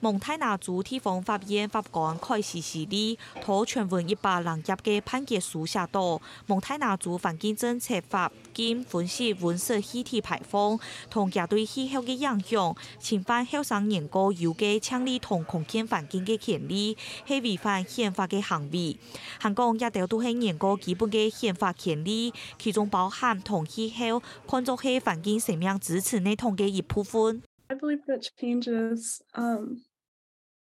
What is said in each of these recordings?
蒙太納族地方法院法官開始審理，他全文一百零一嘅判決書寫道：蒙太納族環境政策法禁分析溫室氣體排放同其對氣候嘅影響，侵犯後生人個有嘅權利同環境保護嘅權利，係違反憲法嘅行為。韓國也得到後生人個基本嘅憲法權利，其中包含同氣候，看作係環境生命支持系統嘅一部分。I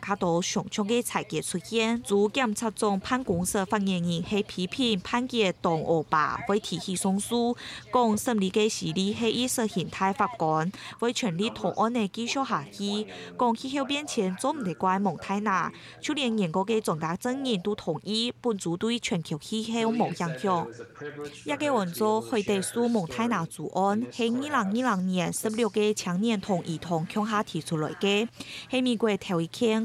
卡多上場的彩節出現。在檢察總判官社發言人係批評判決同惡霸，會提起上訴，講審理嘅時裏係意識形態法官為權利同案嘅繼續下去。講氣候變遷總唔得怪蒙太娜，就連英國嘅重大證人都同意，本組對全球氣候無影響。也個按照會庭書，蒙太娜主案係二零二零年十六嘅青年同兒童恐下提出來嘅，喺美國頭一天。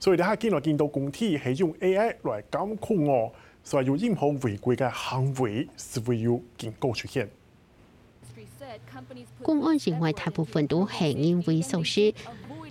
所以你喺機內見到共體係用 A. I. 來監控哦、喔，所以有任何違規嘅行為，是會有警告出現。公安認為大部分都係因為疏